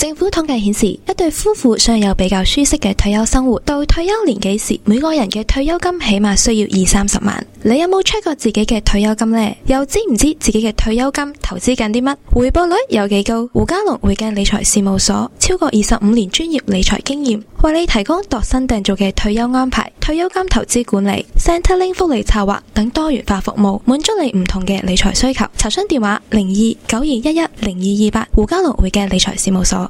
政府統計顯示，一對夫婦想有比較舒適嘅退休生活，到退休年紀時，每個人嘅退休金起碼需要二三十萬。你有冇 check 過自己嘅退休金呢？又知唔知自己嘅退休金投資緊啲乜？回報率有幾高？胡嘉龍會計理財事務所，超過二十五年專業理財經驗，為你提供度身訂造嘅退休安排、退休金投資管理、Centrelink 福利策劃等多元化服務，滿足你唔同嘅理財需求。查詢電話：零二九二一一零二二八，8，胡嘉龍會計理財事務所。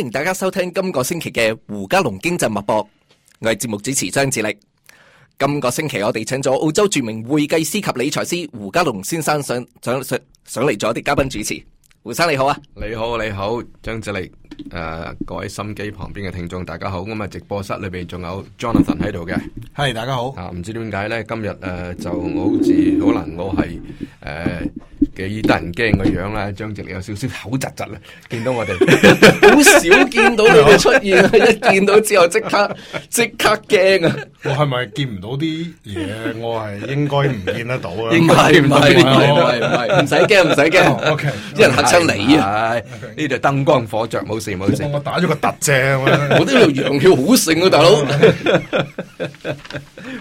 歡迎大家收聽今個星期嘅胡嘉龍經濟脈搏，我係節目主持張志力。今、這個星期我哋請咗澳洲著名會計師及理財師胡嘉龍先生上上上嚟做一啲嘉賓主持。胡生你好啊，你好你好，張志力，誒、呃、各位心機旁邊嘅聽眾大家好，咁啊直播室裏邊仲有 Jonathan 喺度嘅，係大家好啊，唔知點解咧今日誒、呃、就好似可能我係。幾得人驚個樣啦，張正力有少少口窒窒啦，見到我哋好少見到佢出現，一見到之後即刻即刻驚啊！我係咪見唔到啲嘢？我係應該唔見得到嘅。應該，唔係唔係唔係唔係唔使驚唔使驚，啲人吓親你啊！呢度燈光火著，冇事冇事。我打咗個特正啊！我呢度陽氣好盛啊，大佬！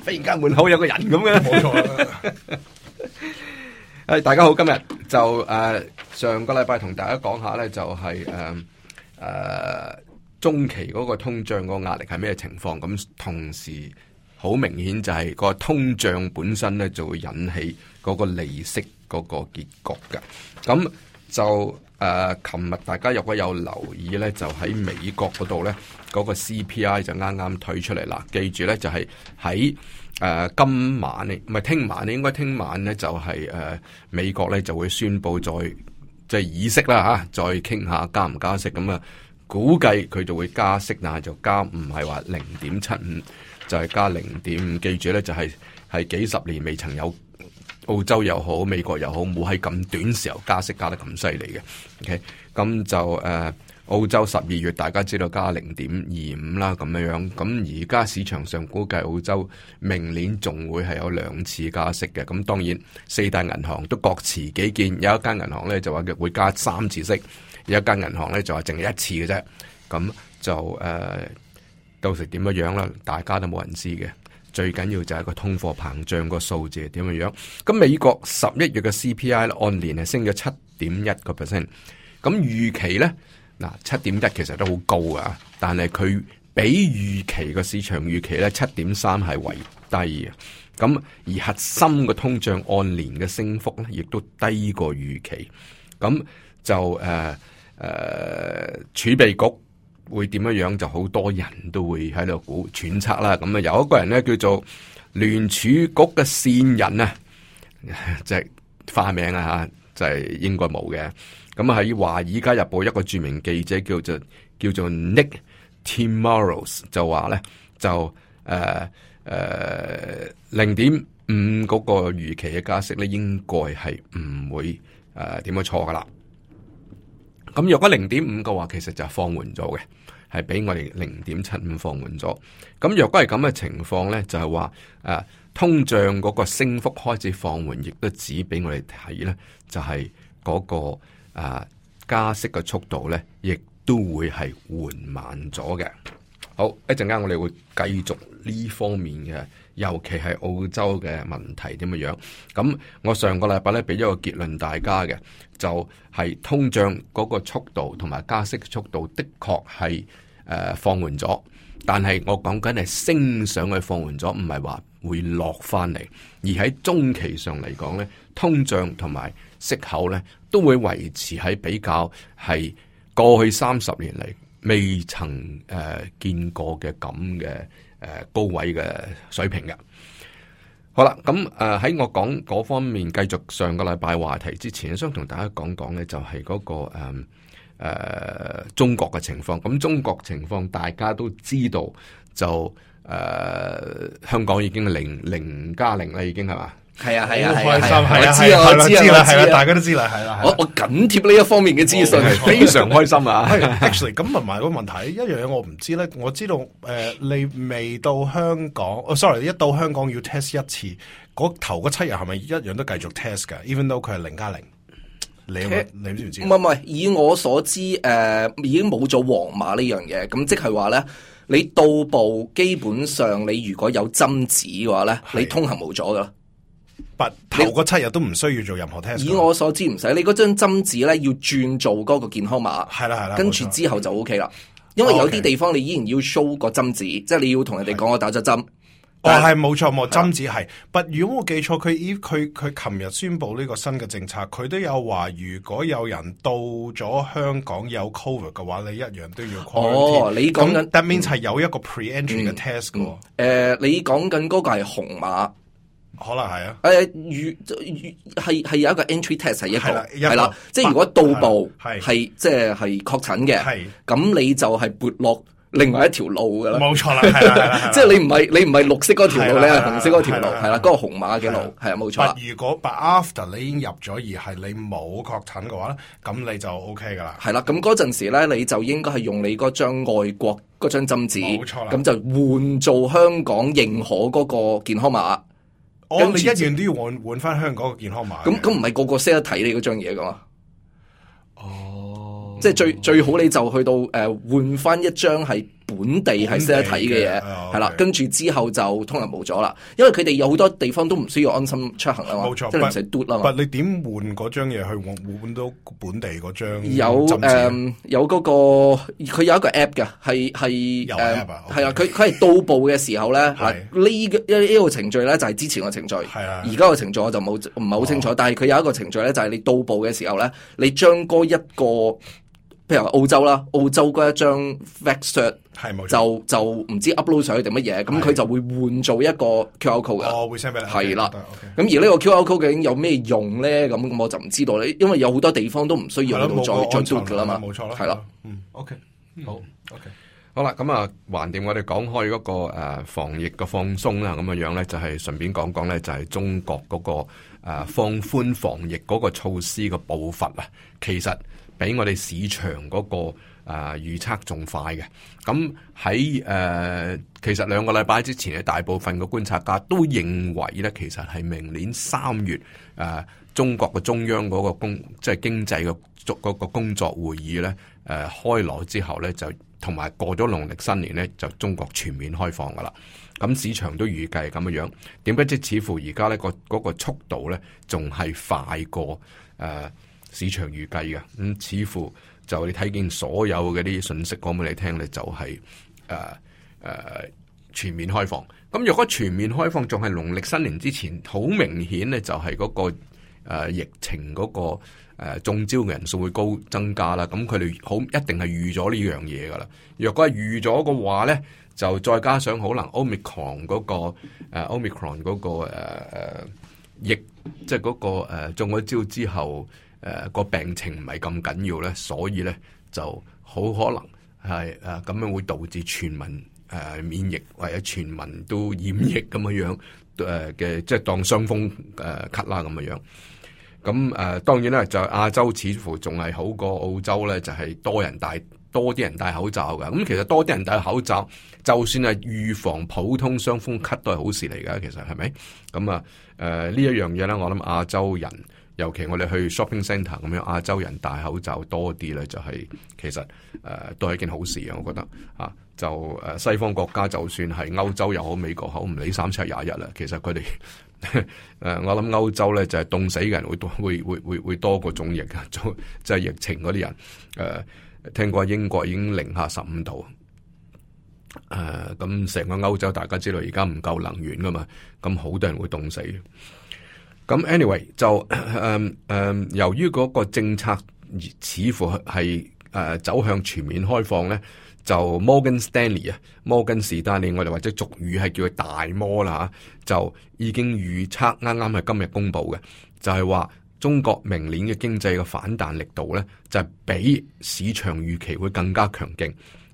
忽然間門口有個人咁樣。冇錯。誒，大家好，今日就誒、啊、上個禮拜同大家講下咧、就係，就係誒誒中期嗰個通脹個壓力係咩情況？咁同時好明顯就係個通脹本身咧就會引起嗰個利息嗰個結局嘅。咁就誒，琴、啊、日大家如果有留意咧，就喺美國嗰度咧，嗰、嗰個 CPI 就啱啱推出嚟啦。記住咧，就係喺。.誒、呃、今晚咧，唔係聽晚咧，應該聽晚咧就係、是、誒、呃、美國咧就會宣布再即係議息啦吓，再傾下加唔加息咁啊、嗯？估計佢就會加息，但係就加唔係話零點七五，就係加零點五。記住咧，就係係幾十年未曾有，澳洲又好，美國又好，冇喺咁短時候加息加得咁犀利嘅。OK，咁、嗯、就誒。呃澳洲十二月大家知道加零點二五啦咁樣樣，咁而家市場上估計澳洲明年仲會係有兩次加息嘅，咁當然四大銀行都各持己見，有一間銀行咧就話佢會加三次息，有一間銀行咧就話淨係一次嘅啫，咁就誒、啊、到時點樣樣啦，大家都冇人知嘅，最緊要就係個通貨膨脹個數字係點樣樣，咁美國十一月嘅 CPI 咧按年係升咗七點一個 percent，咁預期咧。嗱，七點一其實都好高啊，但係佢比預期個市場預期咧七點三係為低，咁而核心嘅通脹按年嘅升幅咧，亦都低過預期，咁就誒誒儲備局會點樣樣，就好多人都會喺度估揣測啦。咁啊，有一個人咧叫做聯儲局嘅線人啊，即係化名啊，就係應該冇嘅。咁喺華爾街日報一個著名記者叫做叫做 Nick Timiraos 就話咧就誒誒零點五嗰個預期嘅加息咧應該係唔會誒點樣錯噶啦。咁若果零點五嘅話，其實就係放緩咗嘅，係比我哋零點七五放緩咗。咁若果係咁嘅情況咧，就係話誒通脹嗰個升幅開始放緩，亦都指俾我哋睇咧，就係嗰個。啊，加息嘅速度咧，亦都會係緩慢咗嘅。好一陣間，我哋會繼續呢方面嘅，尤其係澳洲嘅問題點樣樣。咁我上個禮拜咧俾咗個結論，大家嘅就係、是、通脹嗰個速度同埋加息速度的確係誒放緩咗，但係我講緊係升上去放緩咗，唔係話會落翻嚟。而喺中期上嚟講咧，通脹同埋息口咧。都會維持喺比較係過去三十年嚟，未曾誒、呃、見過嘅咁嘅誒高位嘅水平嘅。好啦，咁誒喺我講嗰方面，繼續上個禮拜話題之前，想同大家講講咧，就係嗰個誒誒中國嘅情況。咁、嗯、中國情況大家都知道，就誒、呃、香港已經零零加零啦，已經係嘛？係啊係啊，開心係啊係啊，知啦知啦，係啦，大家都知啦，係啦。我我緊貼呢一方面嘅資訊，非常開心啊。Actually，咁問埋個問題，一樣嘢我唔知咧。我知道誒，你未到香港，sorry，一到香港要 test 一次，嗰頭嗰七日係咪一樣都繼續 test 噶？Even though 佢係零加零，你你知唔知？唔係唔係，以我所知，誒，已經冇咗黃碼呢樣嘢，咁即係話咧，你到步基本上，你如果有針紙嘅話咧，你通行無阻噶。不頭嗰七日都唔需要做任何 test。But 以我所知唔使，你嗰張針紙咧要轉做嗰個健康碼。係啦係啦，跟住之後就 OK 啦。因為有啲地方你依然要 show 個針紙，即係你要同人哋講我打咗針。的但是哦，係冇錯，冇針紙係。不，的如果我記錯，佢依佢佢琴日宣布呢個新嘅政策，佢都有話，如果有人到咗香港有 COVID 嘅話，你一樣都要。哦，你講緊，that means 係有一個 pre-entry 嘅 test 喎、嗯。誒、嗯嗯呃，你講緊嗰個係紅碼。可能係啊，誒，如係係有一個 entry test 係一個係啦，即係如果到步係即係係確診嘅，咁你就係撥落另外一條路噶啦，冇錯啦，即係你唔係你唔係綠色嗰條路，你係紅色嗰條路，係啦，嗰個紅馬嘅路，係啊，冇錯啦。如果 but after 你已經入咗，而係你冇確診嘅話咧，咁你就 OK 噶啦，係啦，咁嗰陣時咧，你就應該係用你嗰張外國嗰張針紙，冇錯啦，咁就換做香港認可嗰個健康碼。我你、哦、後一樣都要換換翻香港嘅健康碼，咁咁唔係個個識得睇你嗰張嘢㗎嘛？哦，即係最最好你就去到、呃、換翻一張係。本地係識得睇嘅嘢，係啦，啊、的 okay. 跟住之後就通融冇咗啦，因為佢哋有好多地方都唔需要安心出行啊嘛，錯即係唔使嘟啦。唔你點換嗰張嘢去換換到本地嗰張？有誒，um, 有嗰、那個佢有一個 app 嘅，係係誒，係啊，佢佢係到步嘅時候咧，係呢 是、這個呢、這個程序咧就係、是、之前嘅程序，係啊的，而家嘅程序我就冇唔係好清楚，哦、但係佢有一個程序咧，就係、是、你到步嘅時候咧，你將嗰一個譬如澳洲啦，澳洲嗰一張 v a c 就就唔知 upload 上去定乜嘢，咁佢就會換做一個 QR Code 噶。哦，會 send 俾你？係啦，咁而呢個 QR Code 究竟有咩用咧？咁咁我就唔知道咧，因為有好多地方都唔需要再再 do 噶啦嘛。冇錯啦，係啦，嗯，OK，好，OK，好啦，咁啊，橫掂我哋講開嗰個防疫嘅放鬆啦，咁嘅樣咧就係順便講講咧，就係中國嗰個放寬防疫嗰個措施嘅步伐啊，其實俾我哋市場嗰個。啊、呃！預測仲快嘅，咁喺誒，其實兩個禮拜之前呢大部分嘅觀察家都認為呢，其實係明年三月誒、呃、中國嘅中央嗰個工，即、就、係、是、經濟嘅作嗰個工作會議呢誒、呃、開鑼之後呢，就同埋過咗農曆新年呢，就中國全面開放噶啦。咁、嗯、市場都預計咁樣，點解即似乎而家呢、那個嗰、那個速度呢，仲係快過誒、呃、市場預計嘅，咁、嗯、似乎。就你睇見所有嗰啲信息講俾你聽、就是，咧就係誒誒全面開放。咁若果全面開放仲係農曆新年之前，好明顯咧就係嗰、那個誒、啊、疫情嗰、那個誒、啊、中招嘅人數會高增加啦。咁佢哋好一定係預咗呢樣嘢噶啦。若果係預咗嘅話咧，就再加上可能 Omicron 嗰、那個誒、啊、Omicron、那個誒、啊、疫，即係嗰個誒、啊、中咗招之後。誒個、啊、病情唔係咁緊要咧，所以咧就好可能係誒咁樣會導致全民、啊、免疫或者全民都染疫咁樣樣嘅、啊，即係當傷風誒、啊、咳啦咁樣樣。咁、啊、誒當然啦，就亞洲似乎仲係好過澳洲咧，就係、是、多人戴多啲人戴口罩嘅。咁、啊、其實多啲人戴口罩，就算係預防普通傷風咳都係好事嚟噶。其實係咪？咁啊，啊，啊呢一樣嘢咧，我諗亞洲人。尤其我哋去 shopping center 咁樣，亞洲人戴口罩多啲咧、就是，就係其實、呃、都係一件好事啊！我覺得啊，就啊西方國家就算係歐洲又好、美國好，唔理三七廿一啦。其實佢哋、啊、我諗歐洲咧就係、是、凍死嘅人會多會會,會,會多過中疫,呵呵、就是、疫啊！即係疫情嗰啲人聽講英國已經零下十五度，咁、啊、成個歐洲大家知道而家唔夠能源噶嘛，咁好多人會凍死。咁 anyway 就、嗯嗯、由於嗰個政策似乎係、呃、走向全面開放咧，就 Morgan Stanley, Morgan Stanley 啊，摩根士丹利我哋或者俗語係叫佢大摩啦嚇就已經預測啱啱係今日公布嘅，就係、是、話中國明年嘅經濟嘅反彈力度咧，就是、比市場預期會更加強勁，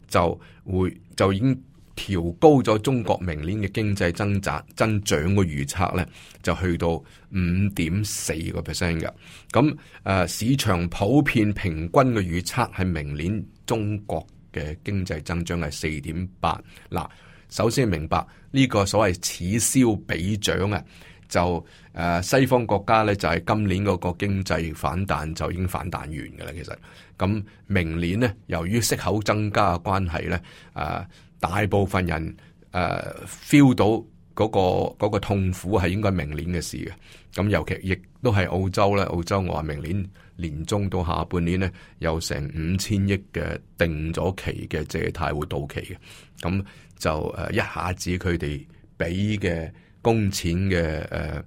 就會就已經。調高咗中國明年嘅經濟增長增長嘅預測呢，就去到五點四個 percent 嘅。咁誒，市場普遍平均嘅預測係明年中國嘅經濟增長係四點八。嗱，首先明白呢個所謂此消彼長啊，就誒西方國家呢，就係今年嗰個經濟反彈就已經反彈完噶啦。其實咁，明年呢，由於息口增加嘅關係呢。大部分人誒 feel、呃、到嗰、那個那個痛苦係應該明年嘅事嘅，咁尤其亦都係澳洲啦，澳洲我話明年年中到下半年咧，有成五千億嘅定咗期嘅借貸會到期嘅，咁就誒一下子佢哋俾嘅工錢嘅誒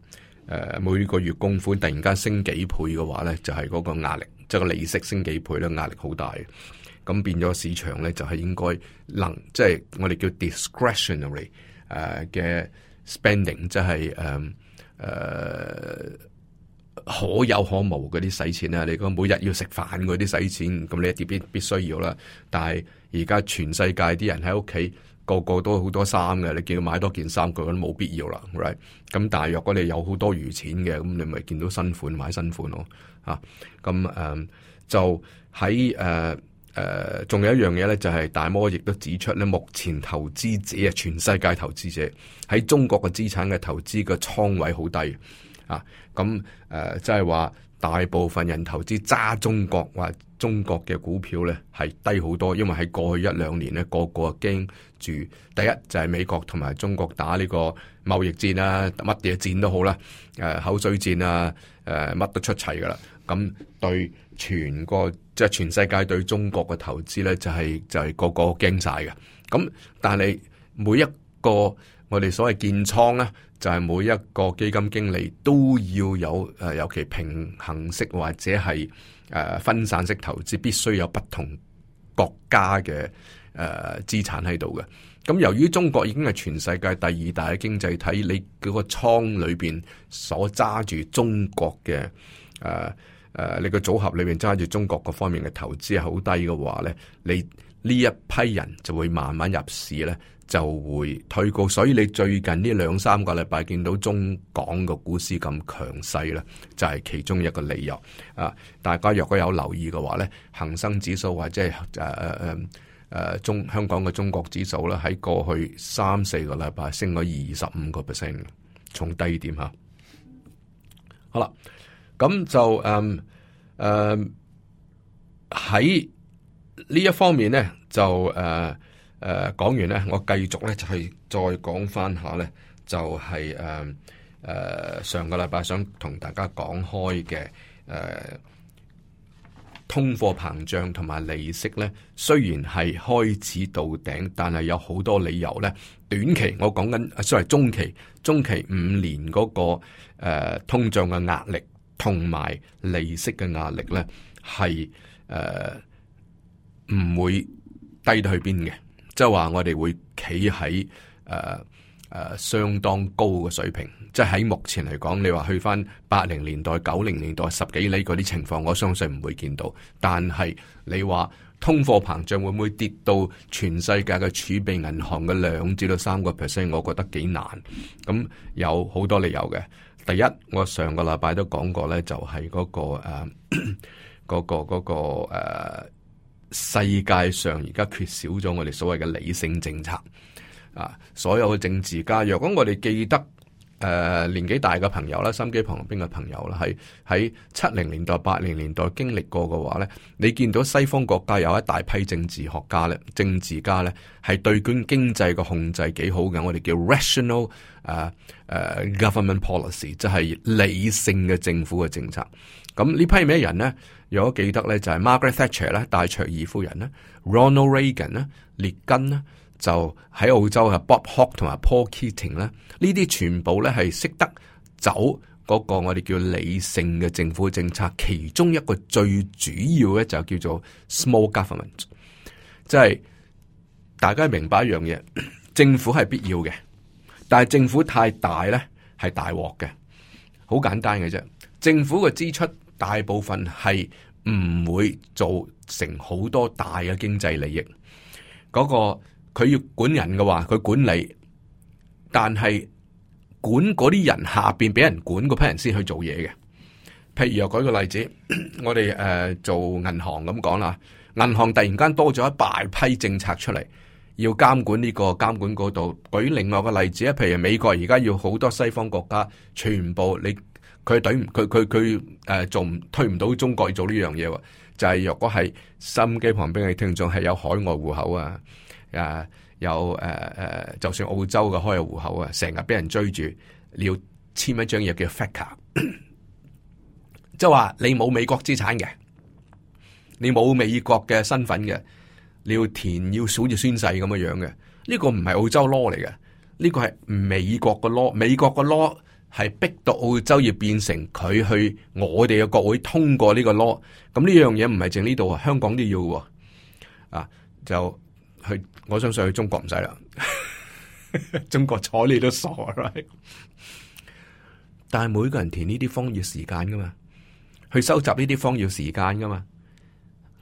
誒每個月供款突然間升幾倍嘅話咧，就係、是、嗰個壓力，即係個利息升幾倍咧，壓力好大。咁變咗市場咧，就係、是、應該能即係、就是、我哋叫 discretionary 嘅、呃、spending，即、就、係、是、誒、呃、可有可無嗰啲使錢啊！你講每日要食飯嗰啲使錢，咁你一啲必必須要啦。但係而家全世界啲人喺屋企個個都好多衫嘅，你見佢買多件衫，佢都冇必要啦，right？咁但係若果你有好多餘錢嘅，咁你咪見到新款買新款咯，啊！咁誒、呃、就喺誒。呃誒，仲、呃、有一樣嘢呢，就係大摩亦都指出呢，目前投資者啊，全世界投資者喺中國嘅資產嘅投資嘅倉位好低啊，咁、啊、誒，即係話大部分人投資揸中國，話中國嘅股票呢係低好多，因為喺過去一兩年咧，個個驚住，第一就係美國同埋中國打呢個貿易戰啊，乜嘢戰都好啦，誒、啊、口水戰啊，誒乜都出齊噶啦。咁對全個即係、就是、全世界對中國嘅投資呢，就係、是、就係、是、個個驚晒嘅。咁但係你每一個我哋所謂建倉呢，就係、是、每一個基金經理都要有誒、呃，尤其平衡式或者係誒、呃、分散式投資，必須有不同國家嘅誒、呃、資產喺度嘅。咁由於中國已經係全世界第二大嘅經濟體，你嗰個倉裏邊所揸住中國嘅誒。呃誒，你個組合裏面揸住中國各方面嘅投資係好低嘅話呢，你呢一批人就會慢慢入市呢，就會推高。所以你最近呢兩三個禮拜見到中港嘅股市咁強勢呢，就係其中一個理由。啊，大家若果有留意嘅話呢，恒生指數或者係誒誒誒誒中香港嘅中國指數呢，喺過去三四個禮拜升咗二十五個 percent 嘅，從低點嚇。好啦，咁就誒。嗯誒，喺呢、uh, 一方面咧，就誒誒講完咧，我繼續咧就係再講翻下咧，就係誒誒上個禮拜想同大家講開嘅誒、uh, 通貨膨脹同埋利息咧，雖然係開始到頂，但係有好多理由咧，短期我講緊雖然係中期，中期五年嗰、那個誒、uh, 通脹嘅壓力。同埋利息嘅壓力呢係誒唔會低到去邊嘅，即係話我哋會企喺誒誒相當高嘅水平，即係喺目前嚟講，你話去翻八零年代、九零年代十幾厘嗰啲情況，我相信唔會見到。但係你話通貨膨脹會唔會跌到全世界嘅儲備銀行嘅兩至到三個 percent，我覺得幾難。咁有好多理由嘅。第一，我上個禮拜都講過咧、嗰個，就係嗰個誒，嗰、嗰個嗰個誒，世界上而家缺少咗我哋所謂嘅理性政策啊，所有嘅政治家若果我哋記得。Uh, 年紀大嘅朋友啦，心機旁邊嘅朋友啦，係喺七零年代、八零年代經歷過嘅話呢，你見到西方國家有一大批政治學家咧、政治家咧，係對經濟嘅控制幾好嘅，我哋叫 rational、uh, uh, government policy，就係理性嘅政府嘅政策。咁呢批咩人呢？如果記得咧，就係、是、Margaret Thatcher 咧、戴卓爾夫人咧、Ronald Reagan 咧、列根咧就喺澳洲嘅 Bob Hawke 同埋 Paul Keating 咧，呢啲全部咧係識得走嗰個我哋叫理性嘅政府政策。其中一個最主要咧就叫做 Small Government，即係大家明白一樣嘢，政府係必要嘅，但係政府太大咧係大鑊嘅。好簡單嘅啫，政府嘅支出大部分係唔會造成好多大嘅經濟利益嗰個佢要管人嘅話，佢管理，但係管嗰啲人下邊俾人管嗰批人先去做嘢嘅。譬如又舉個例子，我哋誒做銀行咁講啦，銀行突然間多咗一大批政策出嚟，要監管呢個監管嗰度。舉另外個例子啊，譬如美國而家要好多西方國家全部你佢懟佢佢佢誒做唔推唔到中國做呢樣嘢，就係若果係心機旁邊嘅聽眾係有海外戶口啊。誒、啊，有誒誒、啊啊，就算澳洲嘅開嘅戶口啊，成日俾人追住，你要簽一張嘢叫 FATCA，即係話你冇美國資產嘅，你冇美國嘅身份嘅，你要填要數住宣誓咁樣嘅樣嘅，呢、呢個唔係澳洲 law 嚟嘅，呢、呢個係美國嘅 law，美國嘅 law 係逼到澳洲要變成佢去我哋嘅國會通過呢個 law，咁呢樣嘢唔係淨呢度啊，香港都要的，啊，就去。我相信去中國唔使啦，中國睬你都傻，但係每個人填呢啲荒要時間噶嘛，去收集呢啲荒要時間噶嘛，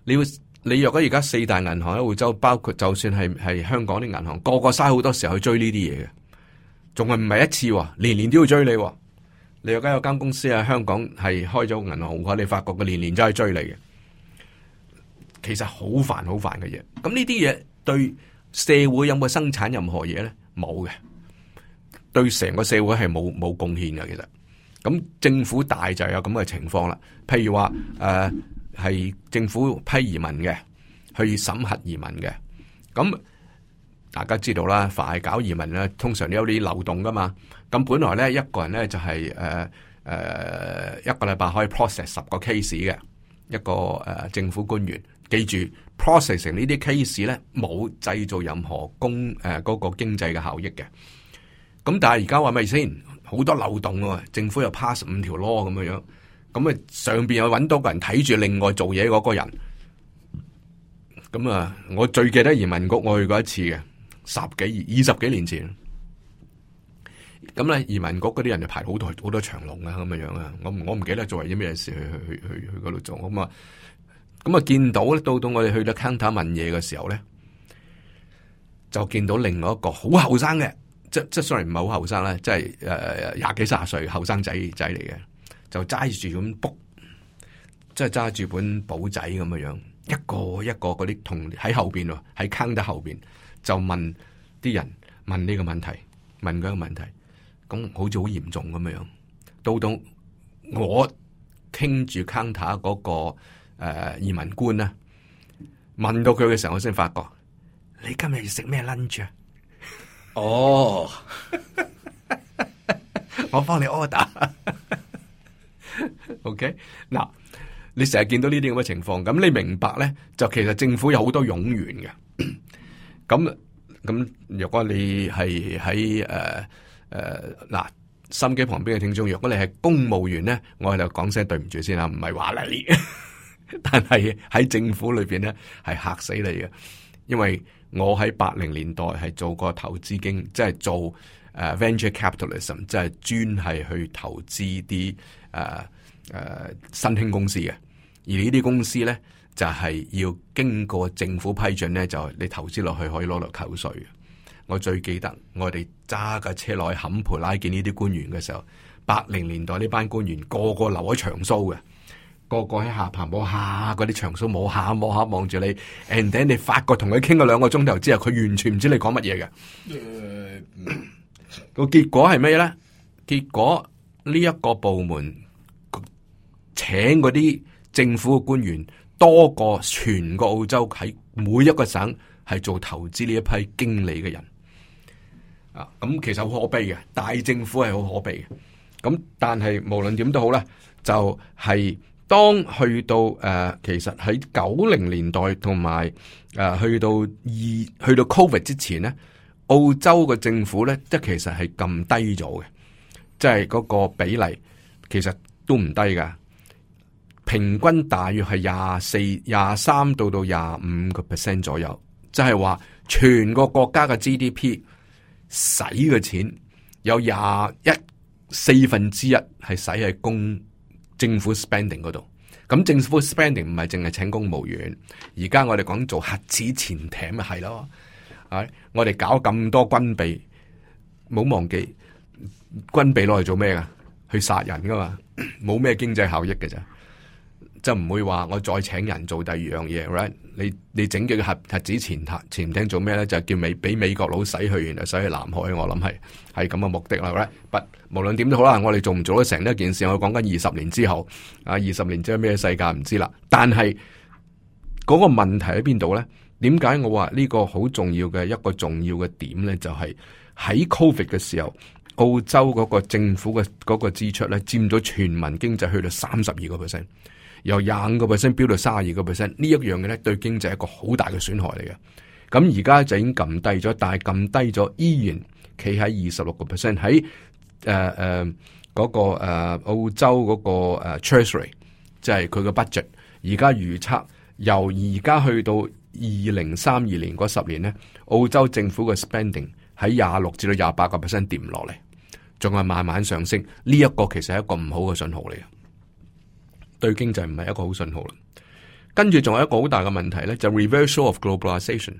你會你若果而家四大銀行喺澳洲，包括就算係係香港啲銀行，個個嘥好多時候去追呢啲嘢嘅，仲係唔係一次，年年都要追你。你若果有間公司喺香港係開咗銀行嘅話，你發覺佢年年都係追你嘅，其實好煩好煩嘅嘢。咁呢啲嘢對。社會有冇生產任何嘢咧？冇嘅，對成個社會係冇冇貢獻嘅。其實，咁、嗯、政府大就有咁嘅情況啦。譬如話，誒、呃、係政府批移民嘅，去審核移民嘅。咁、嗯、大家知道啦，凡係搞移民咧，通常都有啲漏洞㗎嘛。咁、嗯、本來咧，一個人咧就係誒誒一個禮拜可以 process 十個 case 嘅一個誒、呃、政府官員，記住。Processing 呢啲 case 咧冇製造任何經誒嗰個經濟嘅效益嘅，咁但係而家話咪先，好多漏洞啊，政府又 pass 五條 law 咁樣樣，咁啊上邊又搵到個人睇住另外做嘢嗰個人，咁啊我最記得移民局我去過一次嘅，十幾二十幾年前，咁咧移民局嗰啲人就排好多好多長龍啊，咁樣樣啊，我唔我唔記得做為啲咩事去去去去去嗰度做咁啊。咁啊，就見到到到我哋去到 c 塔問嘢嘅時候呢，就見到另外一個好後生嘅，即即 sorry 唔係好後生啦，即係廿幾十歲後生仔仔嚟嘅，就揸住咁 book，即揸住本簿仔咁樣，一個一個嗰啲同喺後面喎，喺坑得後面，就問啲人問呢個問題，問嗰個問題，咁好似好嚴重咁樣。到到我傾住 c 塔嗰、那個。誒、uh, 移民官啊，問到佢嘅時候，我先發覺你今日要食咩 lunch 啊？哦， oh, 我幫你 order。 OK，嗱，你成日見到呢啲咁嘅情況，咁你明白咧，就其實政府有好多冗員嘅。咁咁， 若果你係喺誒誒嗱心機旁邊嘅聽眾，若果你係公務員咧，我喺度講聲對唔住先啊，唔係話嗱呢。 但係喺政府裏邊呢，係吓死你嘅，因為我喺八零年代係做過投資經，即係做誒 Venture Capitalism，即係專係去投資啲誒誒新興公司嘅。而呢啲公司呢，就係要經過政府批准呢，就你投資落去可以攞到扣稅嘅。我最記得我哋揸架車落去坎培拉見呢啲官員嘅時候，八零年代呢班官員個個留喺長須嘅。個個喺下棚冇下，嗰啲長數摸下摸下，望住你。誒，唔頂，你發覺同佢傾咗兩個鐘頭之後，佢完全唔知你講乜嘢嘅。個、嗯、結果係咩咧？結果呢一個部門請嗰啲政府嘅官員多過全個澳洲喺每一個省係做投資呢一批經理嘅人。啊，咁、嗯、其實好可悲嘅，大政府係好可悲嘅。咁、嗯、但係無論點都好咧，就係、是。當去到誒、呃，其實喺九零年代同埋誒去到二去到 COVID 之前咧，澳洲嘅政府咧，即其實係咁低咗嘅，即係嗰個比例其實都唔低噶，平均大約係廿四、廿三到到廿五個 percent 左右，即係話全個國家嘅 GDP 使嘅錢有廿一四分之一係使喺工，政府 spending 嗰度，咁政府 spending 唔係淨係請公務員，而家我哋講做核子潛艇咪係咯，唉，我哋搞咁多軍備，冇忘記軍備攞嚟做咩噶？去殺人噶嘛，冇咩經濟效益嘅咋。就唔會話我再請人做第二樣嘢，right？你你整幾個核核子潛艇做咩呢？就叫美俾美國佬洗去，原來洗去南海，我諗係係咁嘅目的啦，right？But, 無論點都好啦，我哋做唔做得成呢一件事？我講緊二十年之後，啊，二十年之後咩世界唔知啦。但係嗰個問題喺邊度呢？點解我話呢個好重要嘅一個重要嘅點呢？就係喺 Covid 嘅時候，澳洲嗰個政府嘅嗰個支出呢，佔咗全民經濟去到三十二個 percent。由廿五個 percent 飆到卅二個 percent，呢一樣嘅咧對經濟係一個好大嘅損害嚟嘅。咁而家就已經撳低咗，但係撳低咗依然企喺二十六個 percent。喺誒誒嗰個誒澳洲嗰個誒 treasury，即係佢嘅 budget，而家預測由而家去到二零三二年嗰十年咧，澳洲政府嘅 spending 喺廿六至到廿八個 percent 跌唔落嚟，仲係慢慢上升。呢一個其實係一個唔好嘅信號嚟嘅。對經濟唔係一個好信號啦，跟住仲有一個好大嘅問題呢就係 reversal of globalization，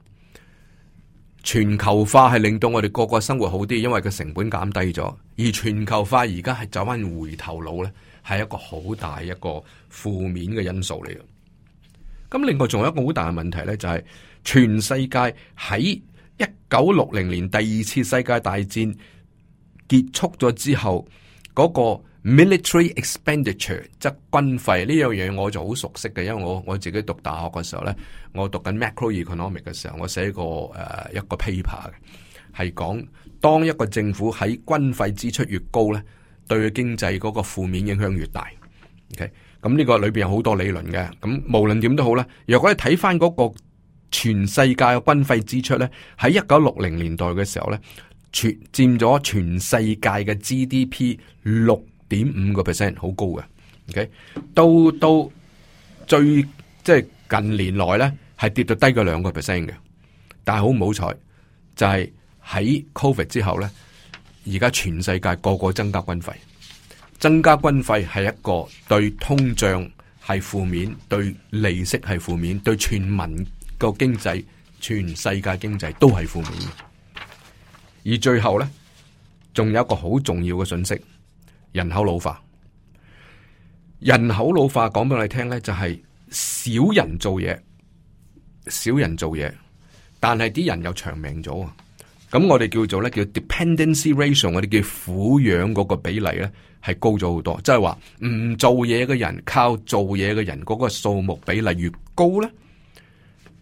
全球化係令到我哋個個生活好啲，因為個成本減低咗。而全球化而家係走翻回頭路呢係一個好大一個負面嘅因素嚟嘅。咁另外仲有一個好大嘅問題呢就係全世界喺一九六零年第二次世界大戰結束咗之後嗰個。Military expenditure，即軍費呢樣嘢我就好熟悉嘅，因為我我自己讀大學嘅時候呢，我讀緊 macroeconomics 嘅時候，我寫過一個,、呃、一個 paper 嘅，係講當一個政府喺軍費支出越高呢，對經濟嗰個負面影響越大。OK，咁呢個裏面有好多理論嘅。咁無論點都好呢，如果你睇翻嗰個全世界嘅軍費支出呢，喺一九六零年代嘅時候呢，全佔咗全世界嘅 GDP 六。點五個 percent，好高嘅。OK，到到最即係、就是、近年來咧，係跌到低過兩個 percent 嘅。但係好唔好彩，就係、是、喺 Covid 之後咧，而家全世界個個增加軍費，增加軍費係一個對通脹係負面，對利息係負面，對全民個經濟、全世界經濟都係負面。而最後咧，仲有一個好重要嘅訊息。人口老化，人口老化，講俾你哋聽咧，就係少人做嘢，少人做嘢，但係啲人又長命咗啊。咁我哋叫做咧叫 dependency ratio，我哋叫撫養嗰個比例咧，係高咗好多。即係話唔做嘢嘅人靠做嘢嘅人嗰個數目比例越高咧，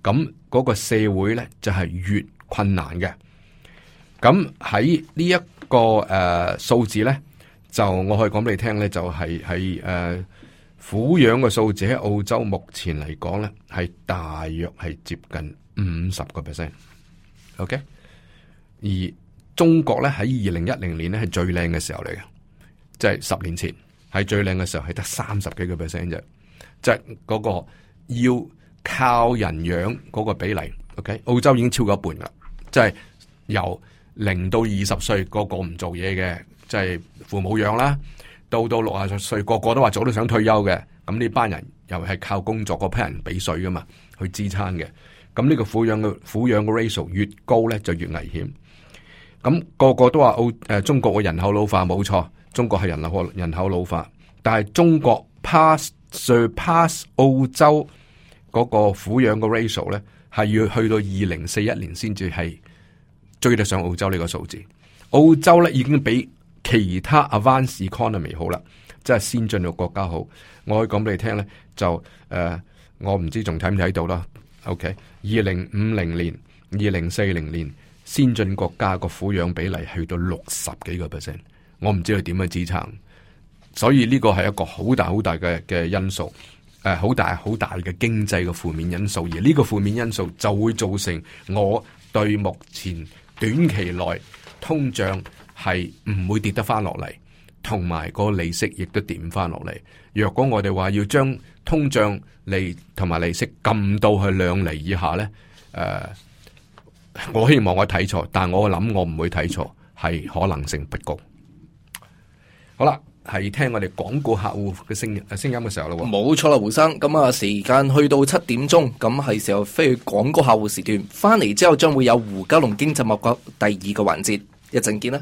咁嗰個社會咧就係越困難嘅。咁喺、這個呃、呢一個誒數字咧。就我可以講俾你聽咧，就係係誒撫養嘅數字喺澳洲目前嚟講咧，係大約係接近五十個 percent。OK，而中國咧喺二零一零年咧係最靚嘅時候嚟嘅，即係十年前喺最靚嘅時候，係得三十幾個 percent 啫。即係嗰個要靠人養嗰個比例。OK，澳洲已經超過一半啦，即係由零到二十歲個個唔做嘢嘅。就係父母養啦，到到六十歲，個個都話早都想退休嘅。咁呢班人又係靠工作嗰批人俾稅噶嘛，去支撐嘅。咁呢個撫養嘅撫養嘅 ratio 越高咧，就越危險。咁、那個個都話澳誒，中國嘅人口老化冇錯，中國係人口人口老化，但係中國 pass surpass 澳洲嗰個撫養嘅 ratio 咧，係要去到二零四一年先至係追得上澳洲呢個數字。澳洲咧已經比。其他 advance economy 好啦，即係先進嘅國家好，我可以講俾你聽咧，就誒、呃，我唔知仲睇唔睇到啦。OK，二零五零年、二零四零年，先進國家個撫養比例去到六十幾個 percent，我唔知佢點樣支撐。所以呢個係一個好大好大嘅嘅因素，誒、呃，好大好大嘅經濟嘅負面因素，而呢個負面因素就會造成我對目前短期內通脹，係唔會跌得翻落嚟，同埋個利息亦都點翻落嚟。若果我哋話要將通脹利同埋利息撳到去兩厘以下呢誒、呃，我希望我睇錯，但我諗我唔會睇錯，係可能性不高。好啦，係聽我哋廣告客戶嘅聲誒聲音嘅時候咯。冇錯啦，胡生。咁啊，時間去到七點鐘，咁係時候飛去廣告客戶時段。翻嚟之後，將會有胡嘉龍經濟脈搏嘅第二個環節。一陣見啦。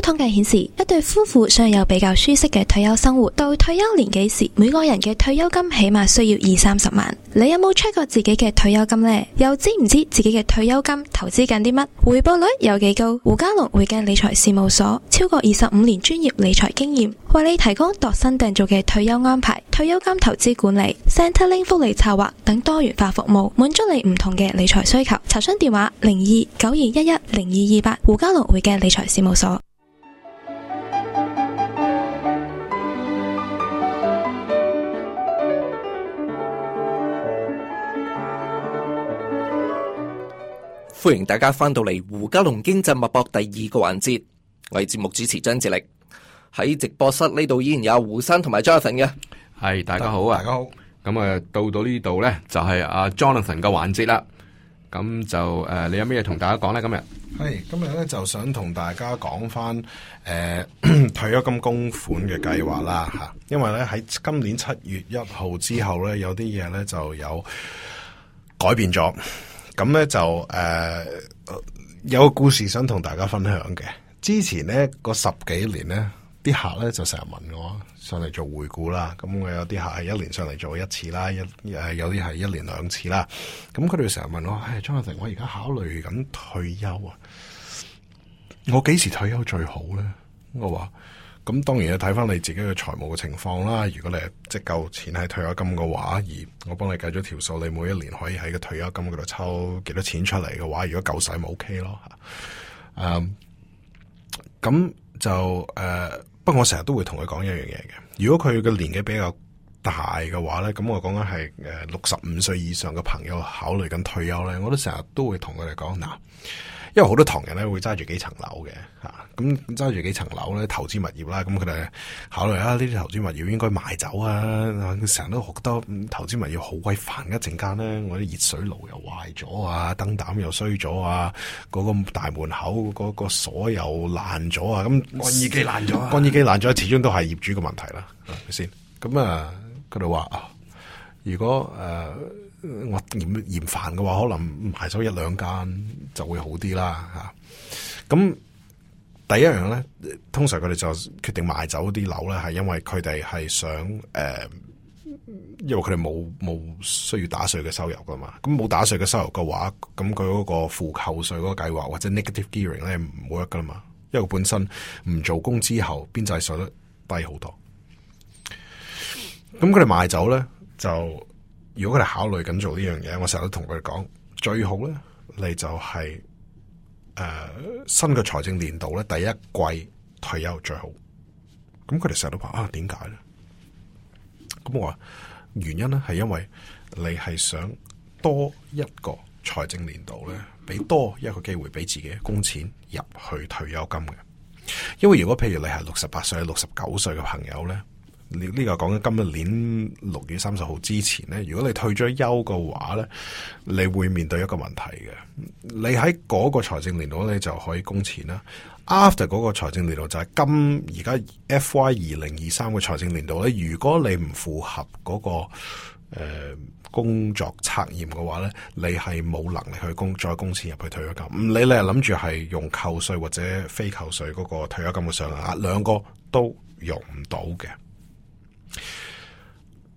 據統計顯示，一對夫婦想有比較舒適嘅退休生活，到退休年紀時，每個人嘅退休金起碼需要二三十萬。你有冇 check 過自己嘅退休金呢？又知唔知自己嘅退休金投資緊啲乜？回報率有幾高？胡嘉龍會計理財事務所超過二十五年專業理財經驗，為你提供度身訂造嘅退休安排、退休金投資管理、centring 福利策劃等多元化服務，滿足你唔同嘅理財需求。查詢電話：零二九二一一零二二八。8，胡嘉龍會計理財事務所。歡迎大家翻到嚟胡嘉龍經濟脈搏第二個環節，為節目主持張志力喺直播室呢度依然有胡生同埋 Jonathan 嘅，係大家好啊，大家好。咁啊，到到呢度咧就係、是、阿 Jonathan 嘅環節啦。咁就誒，你有咩嘢同大家講咧？今日係今日咧，就想同大家講翻誒退休金供款嘅計劃啦，吓，因為咧喺今年七月一號之後咧，有啲嘢咧就有改變咗。咁咧就誒、呃、有個故事想同大家分享嘅。之前咧個十幾年咧，啲客咧就成日問我上嚟做回顧啦。咁我有啲客係一年上嚟做一次啦，一誒有啲係一年兩次啦。咁佢哋成日問我：唉，張立庭，我而家考慮緊退休啊，我幾時退休最好咧？我話。咁當然要睇翻你自己嘅財務嘅情況啦。如果你係即夠錢喺退休金嘅話，而我幫你計咗條數，你每一年可以喺個退休金嗰度抽幾多錢出嚟嘅話，如果夠使咪 OK 咯嚇。嗯，咁就誒、呃，不過我成日都會同佢講一樣嘢嘅。如果佢嘅年紀比較大嘅話咧，咁我講緊係誒六十五歲以上嘅朋友考慮緊退休咧，我都成日都會同佢哋講嗱。因為好多唐人咧會揸住幾層樓嘅。吓，咁揸住幾層樓咧投資物業啦，咁佢哋考慮下呢啲投資物業應該賣走啊，成日都覺得投資物業好鬼煩，一陣間咧我啲熱水爐又壞咗啊，燈膽又衰咗啊，嗰個大門口嗰個鎖又爛咗啊，咁乾衣機爛咗，乾衣機爛咗， 始終都係業主嘅問題啦，係咪先？ 咁啊佢哋話啊，如果誒。呃我嫌嫌煩嘅話，可能賣咗一兩間就會好啲啦吓。咁、啊、第一樣咧，通常佢哋就決定賣走啲樓咧，係因為佢哋係想誒、呃，因為佢哋冇冇需要打稅嘅收入噶嘛。咁冇打稅嘅收入嘅話，咁佢嗰個負扣稅嗰個計劃或者 negative gearing 咧冇得噶啦嘛。因為佢本身唔做工之後，邊際稅率低好多。咁佢哋賣走咧就。如果佢哋考慮緊做呢樣嘢，我成日都同佢哋講，最好咧，你就係、是、誒、呃、新嘅財政年度咧第一季退休最好。咁佢哋成日都話啊，點解咧？咁我話原因咧係因為你係想多一個財政年度咧，俾多一個機會俾自己工錢入去退休金嘅。因為如果譬如你係六十八歲、六十九歲嘅朋友咧。呢個講緊今年六月三十號之前咧，如果你退咗休嘅話咧，你會面對一個問題嘅。你喺嗰個財政年度咧就可以供錢啦。After 嗰個財政年度就係今而家 F Y 二零二三嘅財政年度咧，如果你唔符合嗰個、呃、工作測驗嘅話咧，你係冇能力去供再供錢入去退休金。你你係諗住係用扣稅或者非扣稅嗰個退休金嘅上額，兩個都用唔到嘅。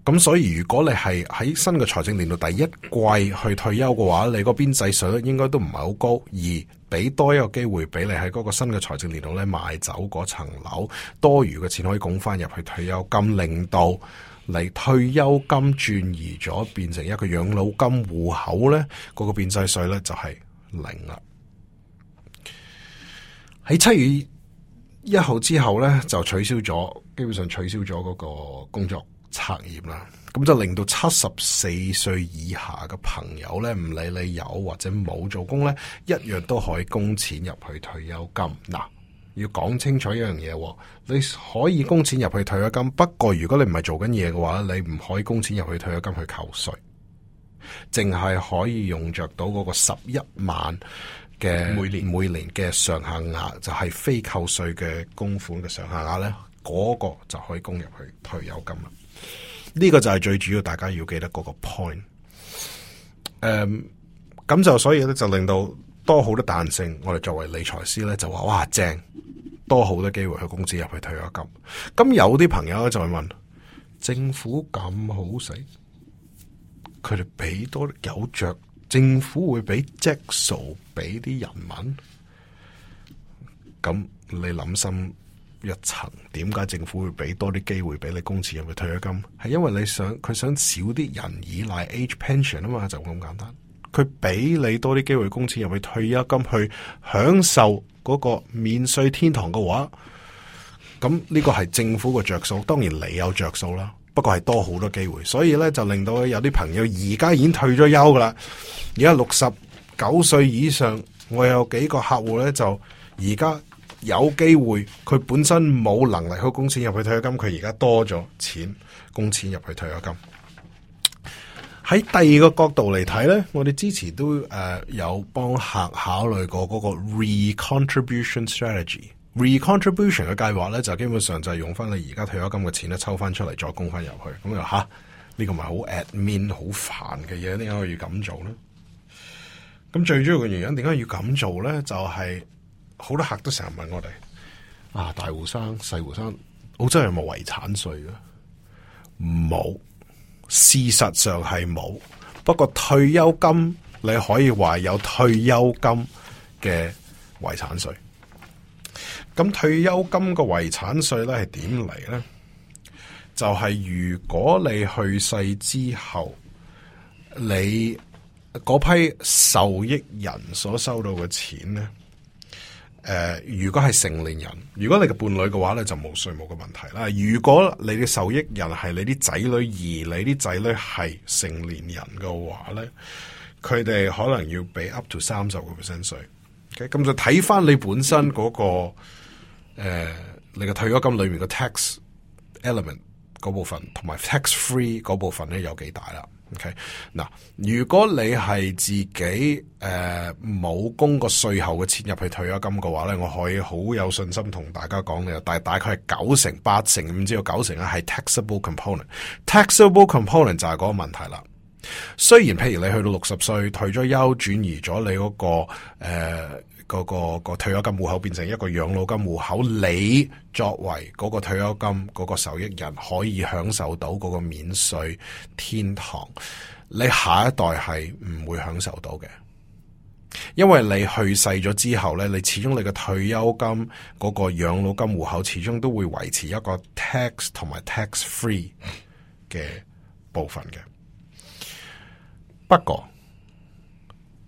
咁所以，如果你係喺新嘅財政年度第一季去退休嘅話，你個邊際稅率應該都唔係好高，而俾多一個機會俾你喺嗰個新嘅財政年度咧賣走嗰層樓，多餘嘅錢可以供翻入去退休金，令到你退休金轉移咗變成一個養老金戶口呢嗰、嗰個邊際稅呢，就係零啦。喺七月一號之後呢，就取消咗，基本上取消咗嗰個工作測驗啦。咁就令到七十四歲以下嘅朋友呢，唔理你有或者冇做工呢，一樣都可以供錢入去退休金。嗱，要講清楚一樣嘢，你可以供錢入去退休金，不過如果你唔係做緊嘢嘅話，你唔可以供錢入去退休金去扣稅，淨係可以用着到嗰個十一萬。嘅每年每年嘅上限額就係非扣稅嘅供款嘅上限額咧，嗰、嗰個就可以供入去退休金啦。呢、呢個就係最主要，大家要記得嗰個 point。誒，咁就所以咧，就令到多好多彈性。我哋作為理財師咧，就話哇正，多好多機會去供資入去退休金。咁有啲朋友咧就會問，政府咁好使，佢哋俾多有着。政府會畀着數畀啲人民，咁你諗深一層，點解政府會畀多啲機會畀你工錢入去退休金？係因為你想佢想少啲人依賴 age pension 啊嘛，就咁簡單。佢畀你多啲機會工錢入去退休金，去享受嗰個免稅天堂嘅話，咁呢個係政府嘅着數，當然你有着數啦。不過係多好多機會，所以咧就令到有啲朋友而家已經退咗休噶啦，而家六十九歲以上，我有幾個客戶咧就而家有機會，佢本身冇能力去供錢入去退休金，佢而家多咗錢供錢入去退休金。喺第二個角度嚟睇咧，我哋之前都誒有幫客考慮過嗰個 recontribution strategy。recontribution 嘅計劃咧，就基本上就係用翻你而家退休金嘅錢咧，抽翻出嚟再供翻入去。咁又吓，哈這個、min, 呢個咪好 admin 好煩嘅嘢？點解要咁做咧？咁最主要嘅原因，點解要咁做咧？就係、是、好多客都成日問我哋：啊，大胡生、細胡生，澳洲有冇遺產稅嘅？冇，事實上係冇。不過退休金你可以話有退休金嘅遺產稅。咁退休金個遺產稅咧係點嚟咧？就係、是、如果你去世之後，你嗰批受益人所收到嘅錢咧，誒、呃，如果係成年人，如果你嘅伴侶嘅話咧就冇稅冇嘅問題啦。如果你嘅受益人係你啲仔女而你啲仔女係成年人嘅話咧，佢哋可能要俾 up to 三十個 percent 稅。咁、okay? 就睇翻你本身嗰、那個。誒，uh, 你嘅退休金裏面嘅 tax element 嗰部分，同埋 tax free 嗰部分咧，有幾大啦？OK，嗱，如果你係自己誒冇、uh, 供過稅後嘅錢入去退休金嘅話咧，我可以好有信心同大家講嘅，但係大概係九成八成，唔知道九成咧係 taxable component，taxable component 就係嗰個問題啦。雖然譬如你去到六十歲退咗休轉、那個，轉移咗你嗰個誒。嗰個個退休金戶口變成一個養老金戶口，你作為嗰個退休金嗰個受益人，可以享受到嗰個免稅天堂，你下一代係唔會享受到嘅，因為你去世咗之後咧，你始終你嘅退休金嗰個養老金戶口，始終都會維持一個 tax 同埋 tax free 嘅部分嘅。不過，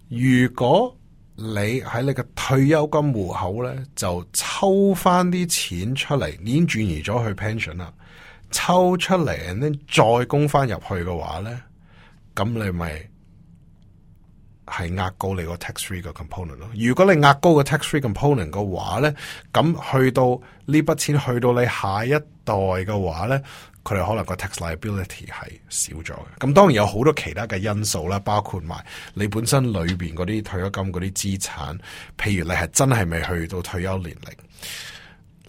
如果你喺你嘅退休金戶口咧，就抽翻啲錢出嚟，已經轉移咗去 pension 啦。抽出嚟呢，再供翻入去嘅話咧，咁你咪？係壓高你個 tax free component 咯。如果你壓高個 tax free component 嘅話咧，咁去到呢筆錢去到你下一代嘅話咧，佢哋可能個 tax liability 係少咗嘅。咁當然有好多其他嘅因素啦，包括埋你本身裏面嗰啲退休金嗰啲資產，譬如你係真係未去到退休年齡。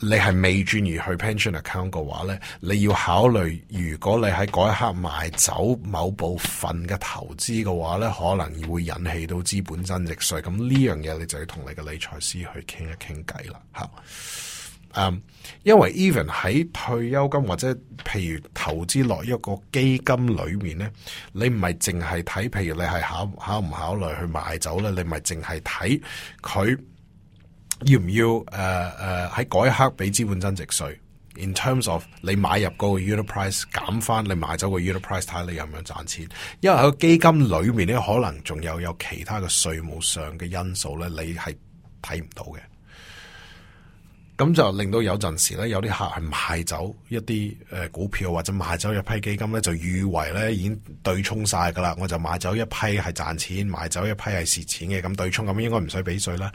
你係未轉移去 pension account 嘅話咧，你要考慮，如果你喺嗰一刻賣走某部分嘅投資嘅話咧，可能會引起到資本增值稅。咁呢樣嘢你就要同你嘅理財師去傾一傾偈啦。吓，Um, 因為 even 喺退休金或者譬如投資落一個基金裏面咧，你唔係淨係睇，譬如你係考考唔考慮去賣走咧，你咪淨係睇佢。要唔要誒誒喺一刻俾資本增值稅？In terms of 你買入個 unit price 減翻，你買走個 unit price 睇下你有唔有賺錢，因為喺基金裏面咧，可能仲有有其他嘅稅務上嘅因素咧，你係睇唔到嘅。咁就令到有陣時咧，有啲客係賣走一啲誒股票或者賣走一批基金咧，就以為咧已經對沖晒㗎啦。我就賣走一批係賺錢，賣走一批係蝕錢嘅，咁對沖咁應該唔使俾稅啦。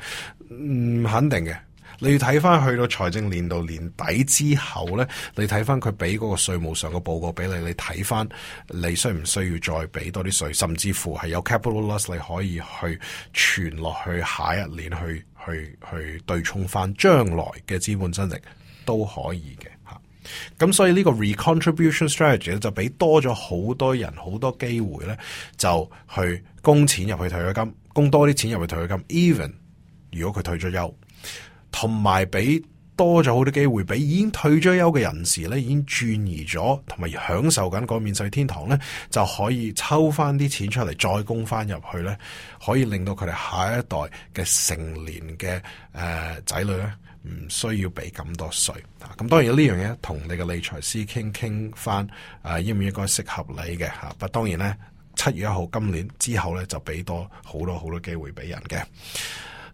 唔肯定嘅，你要睇翻去到財政年度年底之後咧，你睇翻佢俾嗰個稅務上嘅報告俾你，你睇翻你需唔需要再俾多啲稅，甚至乎係有 capital loss 你可以去存落去下一年去。去去對沖翻將來嘅資本增值都可以嘅吓，咁所以呢個 recontribution strategy 咧就俾多咗好多人好多機會咧，就去供錢入去退休金，供多啲錢入去退休金，Even 如果佢退咗休，同埋俾。多咗好多機會，俾已經退咗休嘅人士咧，已經轉移咗，同埋享受緊個免稅天堂咧，就可以抽翻啲錢出嚟，再供翻入去咧，可以令到佢哋下一代嘅成年嘅誒仔女咧，唔需要俾咁多稅。咁、啊、當然呢樣嘢同你嘅理財師傾傾翻，誒、啊、應唔應該適合你嘅嚇。不過當然咧，七月一號今年之後咧，就俾多好多好多機會俾人嘅。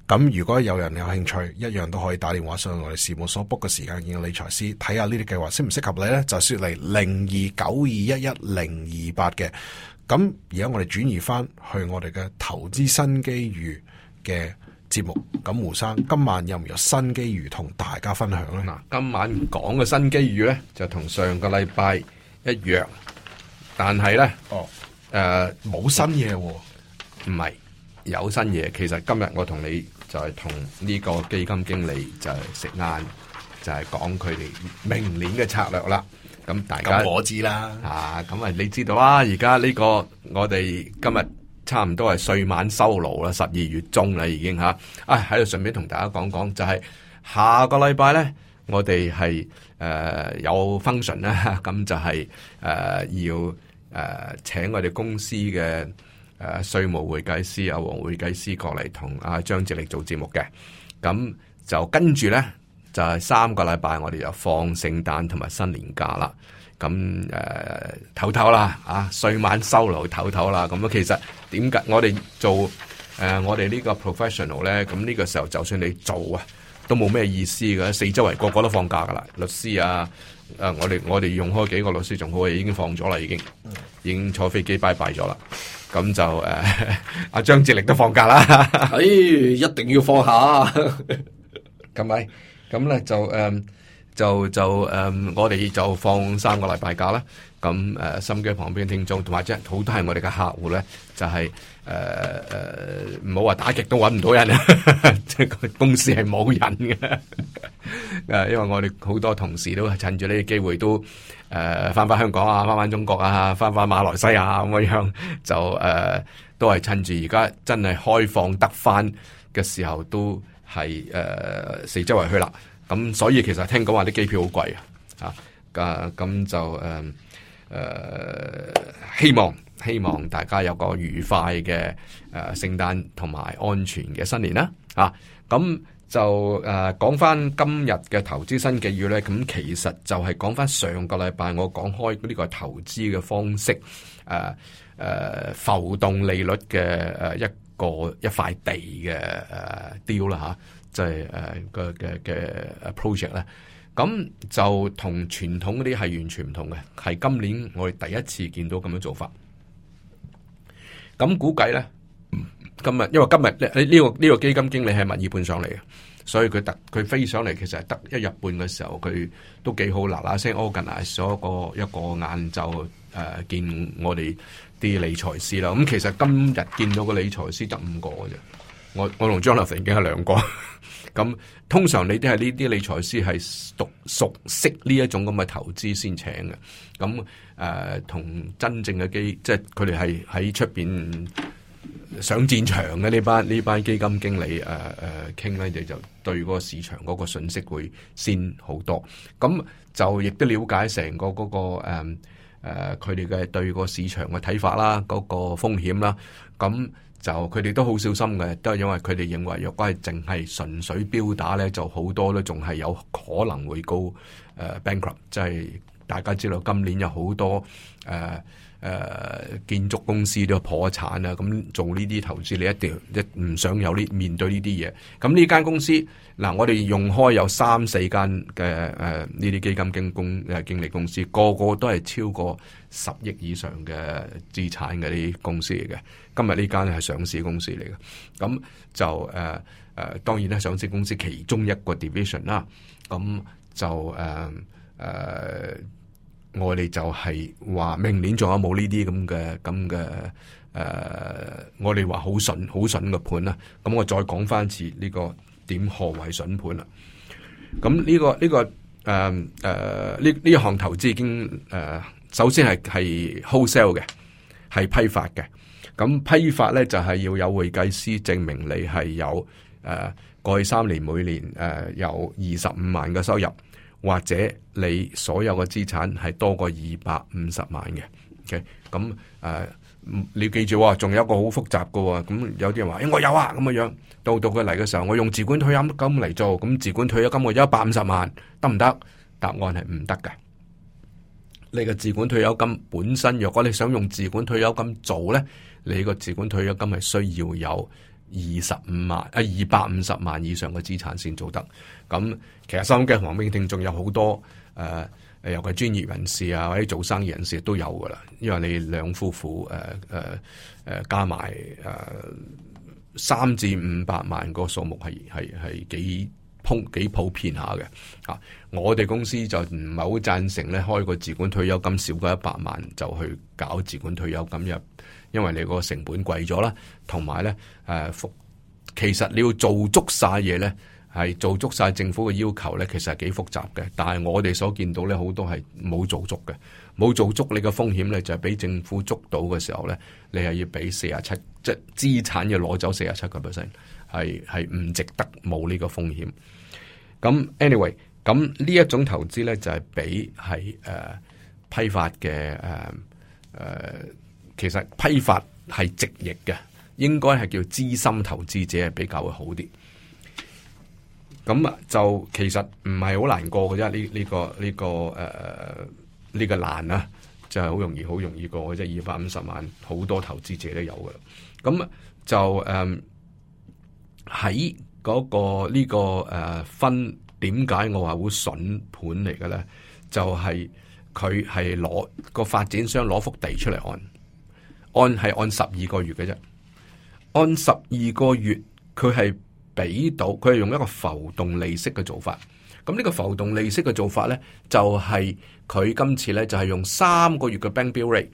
咁如果有人有興趣，一樣都可以打電話上我哋事務所 book 個時間，見個理財師睇下呢啲計劃適唔適合你呢，就說嚟零二九二一一零二八嘅。咁而家我哋轉移翻去我哋嘅投資新機遇嘅節目。咁胡生，今晚有唔有新機遇同大家分享咧？嗱，今晚講嘅新機遇呢，就同上個禮拜一樣，但係呢，哦，誒冇、呃、新嘢喎、啊，唔係有新嘢。其實今日我同你。就係同呢個基金經理就食晏，就係、是、講佢哋明年嘅策略啦。咁大家我知啦，啊，咁啊你知道啊？而家呢個我哋今日差唔多係歲晚收爐啦，十二月中啦已經啊，喺度順便同大家講講，就係、是、下個禮拜咧，我哋係、呃、有 function 啦、啊，咁就係、是呃、要、呃、請我哋公司嘅。誒，稅務會計師阿黃會計師過嚟同阿張智力做節目嘅，咁就跟住咧就係三個禮拜，我哋就放聖誕同埋新年假啦。咁誒，唞唞啦，啊，歲晚收爐唞唞啦。咁啊，其實點解我哋做誒我哋呢個 professional 咧？咁呢個時候，就算你做啊，都冇咩意思嘅。四周圍個個都放假噶啦，律師啊。誒、啊，我哋我哋用開幾個老師仲好，已經放咗啦，已經，已經坐飛機拜拜咗啦。咁就誒，阿張智霖都放假啦，誒、哎，一定要放下，咁咪？ 咁咧就誒，就就誒、嗯，我哋就放三個禮拜假啦。咁誒、啊，心機旁邊聽眾同埋即係好多係我哋嘅客戶咧，就係、是。誒誒，唔好話打極都搵唔到人啊！即係公司係冇人嘅，誒，因為我哋好多同事都係趁住呢啲機會都誒翻翻香港啊，翻翻中國啊，翻翻馬來西亞咁樣，就誒、呃、都係趁住而家真係開放得翻嘅時候都，都係誒四周圍去啦。咁所以其實聽講話啲機票好貴啊，啊，咁就誒誒、呃呃、希望。希望大家有個愉快嘅誒聖誕同埋安全嘅新年啦嚇！咁、啊、就誒講翻今日嘅投資新記語咧，咁其實就係講翻上個禮拜我講開呢個投資嘅方式，誒、啊、誒、啊、浮動利率嘅誒一個一塊地嘅誒 deal 啦嚇，就係誒嘅嘅嘅 project 咧。咁就同傳統嗰啲係完全唔同嘅，係今年我哋第一次見到咁樣做法。咁估計咧，今日因為今日呢呢個呢個基金經理係物業搬上嚟嘅，所以佢特佢飛上嚟，其實係得一日半嘅時候，佢都幾好，嗱嗱聲 organize 咗個一個晏晝誒見我哋啲理財師啦，咁其實今日見到個理財師得五個嘅啫。我我同張立成已經係兩個， 咁通常你都係呢啲理財師係熟熟悉呢一種咁嘅投資先請嘅，咁誒同真正嘅基，即係佢哋係喺出邊上戰場嘅呢班呢班基金經理誒誒傾咧，就、呃、就對個市場嗰個信息會先好多，咁就亦都了解成個嗰、嗰個誒誒佢哋嘅對個市場嘅睇法啦，嗰、嗰個風險啦，咁。就佢哋都好小心嘅，都係因為佢哋認為若果係淨係純粹標打咧，就好多咧，仲係有可能會高。呃、bankrupt，即係大家知道今年有好多誒。呃誒、呃、建築公司都破產啦，咁、嗯、做呢啲投資你一定一唔想有呢面對呢啲嘢。咁、嗯、呢間公司嗱、啊，我哋用開有三四間嘅誒呢啲基金經公、啊、經理公司，個個都係超過十億以上嘅資產嘅啲公司嚟嘅。今日呢間咧係上市公司嚟嘅，咁、嗯、就誒誒、呃呃，當然啦上市公司其中一個 division 啦，咁、嗯、就誒誒。呃呃我哋就係話明年仲有冇呢啲咁嘅咁嘅誒，我哋話好笋好笋嘅盤啦，咁我再講翻次呢個點何為笋盤啦。咁呢、這個呢、這個誒誒呢呢一項投資已經誒、呃，首先係係 wholesale 嘅，係批發嘅。咁批發咧就係、是、要有會計師證明你係有誒、呃、過去三年每年誒、呃、有二十五萬嘅收入。或者你所有嘅資產係多過二百五十萬嘅，咁、okay? 誒、呃，你記住，仲有一個好複雜嘅，咁有啲人話，我有啊，咁嘅樣到到佢嚟嘅時候，我用自管退休金嚟做，咁自管退休金我有一百五十萬，得唔得？答案係唔得嘅。你個自管退休金本身，如果你想用自管退休金做咧，你個自管退休金係需要有。二十五萬啊，二百五十萬以上嘅資產先做得。咁其實收音機旁邊聽眾仲有好多，誒，誒、呃，尤其是專業人士啊，或者做生意人士都有㗎啦。因為你兩夫婦誒誒誒加埋誒三至五百萬個數目係係係幾幾普遍下嘅嚇。我哋公司就唔係好贊成咧，開個自管退休金少過一百萬就去搞自管退休金入。因為你個成本貴咗啦，同埋咧誒複，其實你要做足晒嘢咧，係做足晒政府嘅要求咧，其實係幾複雜嘅。但係我哋所見到咧，好多係冇做足嘅，冇做足你嘅風險咧，就係、是、俾政府捉到嘅時候咧，你係要俾四十七即係資產要攞走四十七個 percent，係係唔值得，冇呢個風險。咁 anyway，咁呢一種投資咧就係俾係誒批發嘅誒誒。呃呃其實批發係直譯嘅，應該係叫資深投資者比較會好啲。咁啊，就其實唔係好難過嘅啫。呢、這、呢個呢、這個誒呢、呃這個難啊，就係、是、好容易好容易過嘅啫。二百五十萬，好多投資者都有嘅。咁就誒喺嗰個呢個誒分，點解我話會笋盤嚟嘅咧？就係佢係攞個發展商攞幅地出嚟按。按係按十二個月嘅啫，按十二個月佢係畀到，佢係用一個浮動利息嘅做法。咁呢個浮動利息嘅做法咧，就係佢今次咧就係用三個月嘅 bank bill rate。